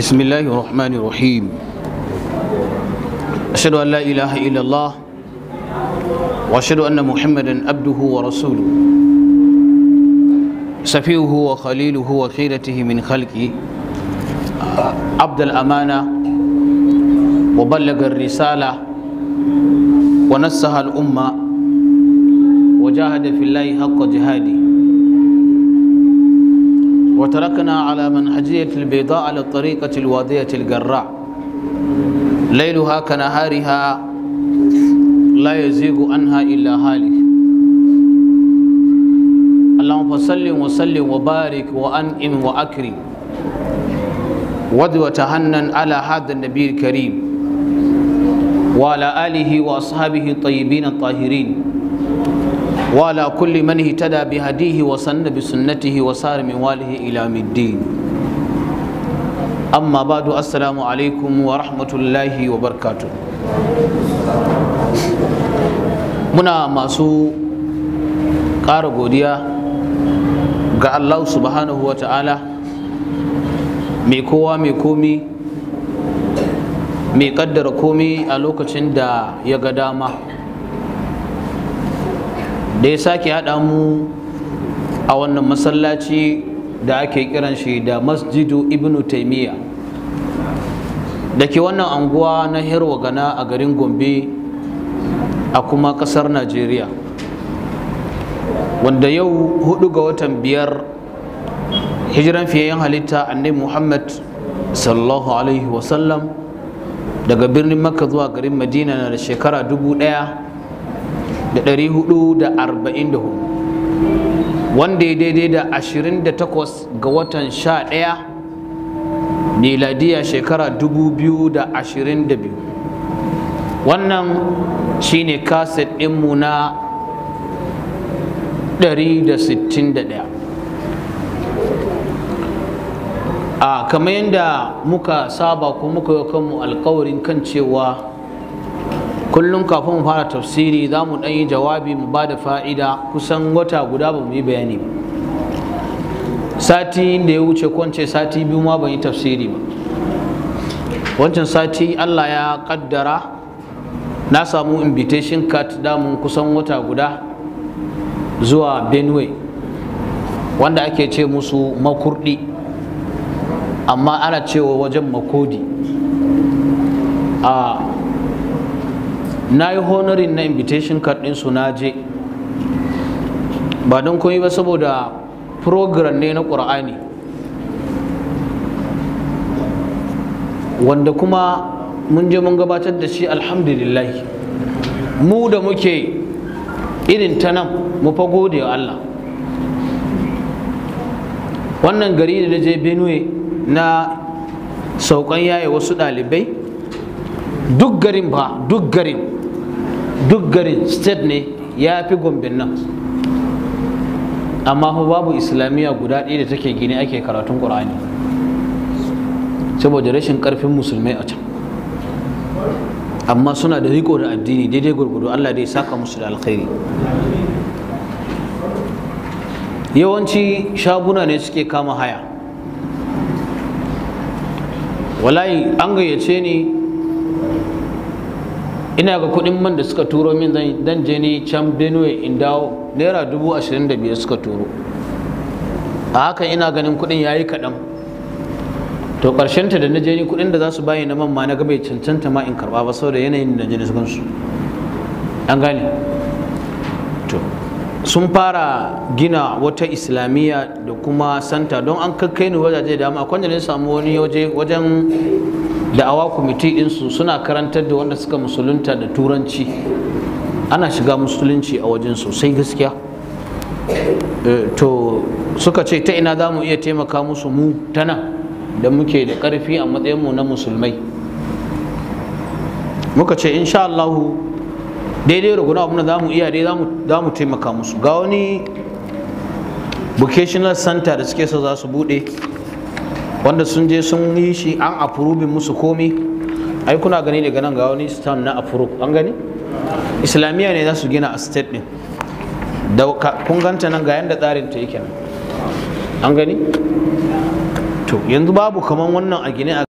بسم الله الرحمن الرحيم أشهد أن لا إله إلا الله وأشهد أن محمدا عبده ورسوله سفيه وخليله وخيرته من خلقه عبد الأمانة وبلغ الرسالة ونسها الأمة وجاهد في الله حق جهاده وتركنا على منهجية البيضاء على الطريقة الوادية الجراء ليلها كنهارها لا يزيغ عنها إلا هالك اللهم صلِّ وسلم وبارك وأنئم وأكرم ود وتهنن على هذا النبي الكريم وعلى آله وأصحابه الطيبين الطاهرين وعلى كل من اهتدى بهديه وسن بسنته وسار من واله إلى الدين اما بعد السلام عليكم ورحمه الله وبركاته منا ماسو قار غوديا ga Allah subhanahu wa ta'ala mai kowa mai komi mai kaddara komi a lokacin da ya ga dama da ya sake haɗa mu a wannan masallaci da ake kiran shi da masjidu ibnu taimiyya da ke wannan anguwa na herwa gana a garin gombe a kuma ƙasar najeriya wanda yau hudu ga watan biyar hijiran fiye halitta annai muhammad sallallahu alaihi wasallam daga birnin makka zuwa garin madina na da shekara dubu ɗaya da ɗari hudu da arba'in da hudu wanda ya daidai da ashirin da takwas ga watan sha ɗaya miladiya shekara dubu biyu da ashirin da biyu wannan shi ne kaset ɗinmu na ɗari da sittin da ɗaya a kamar yadda muka saba ko muka yi kanmu alkawarin kan cewa kullum kafin mu fara tafsiri za mu ɗan yi jawabi mu ba da fa'ida kusan wata guda ba mu yi bayani ba sati da ya wuce kwance sati biyu ma ban yi tafsiri ba wancan sati allah ya kaddara na samu invitation card damun kusan wata guda zuwa benue wanda ake ce musu makurdi amma ana cewa wajen makodi a ah, na yi honorin na invitation card ɗinsu na je ba don koyi ba saboda program ne na ƙur'ani wanda kuma mun je mun gabatar da shi alhamdulillah mu da muke irin ta nan mu fa gode Allah wannan gari da je benue na saukan yaye wasu ɗalibai duk garin ba duk garin duk garin state ne ya fi gombin nan amma babu islamiyya guda ɗaya da take gini ake karatun ƙur'ani saboda rashin ƙarfin musulmai a can amma suna da riko da addini daidai gurgudu allah dai saka musu da alkhairi yawanci shaguna ne suke kama haya walayi an gayyace ni ina ga kuɗin man da suka turo min dan je ni can benue in dawo naira dubu ashirin da biyar suka turo a hakan ina ganin kuɗin ya yi kaɗan to ta da na je ni kuɗin da za su bayi na man ma na ga bai cancanta ma in karɓa ba saboda yanayin da je sukan su an gane to sun fara gina wata islamiyya da kuma santa don an kakkai ni wajaje da dama akwai da na samu wani waje wajen da awa kwamiti ɗinsu suna karantar da wanda suka musulunta da turanci ana shiga musulunci a wajen sosai gaskiya eh, to suka ce ta ina za mu iya taimaka musu mu tana da muke da ƙarfi a matsayinmu na musulmai muka ce insha Allahu daidai raguna abin da za iya dai za mu taimaka musu ga wani vocational center da suke so za su buɗe wanda sun je sun yi shi an afurubi musu komi ai kuna gani daga nan ga wani stand na afurub an gani islamiyya ne za su gina a state din da kun ganta nan ga yanda tsarin ta yake nan an gani to yanzu babu kaman wannan a gine a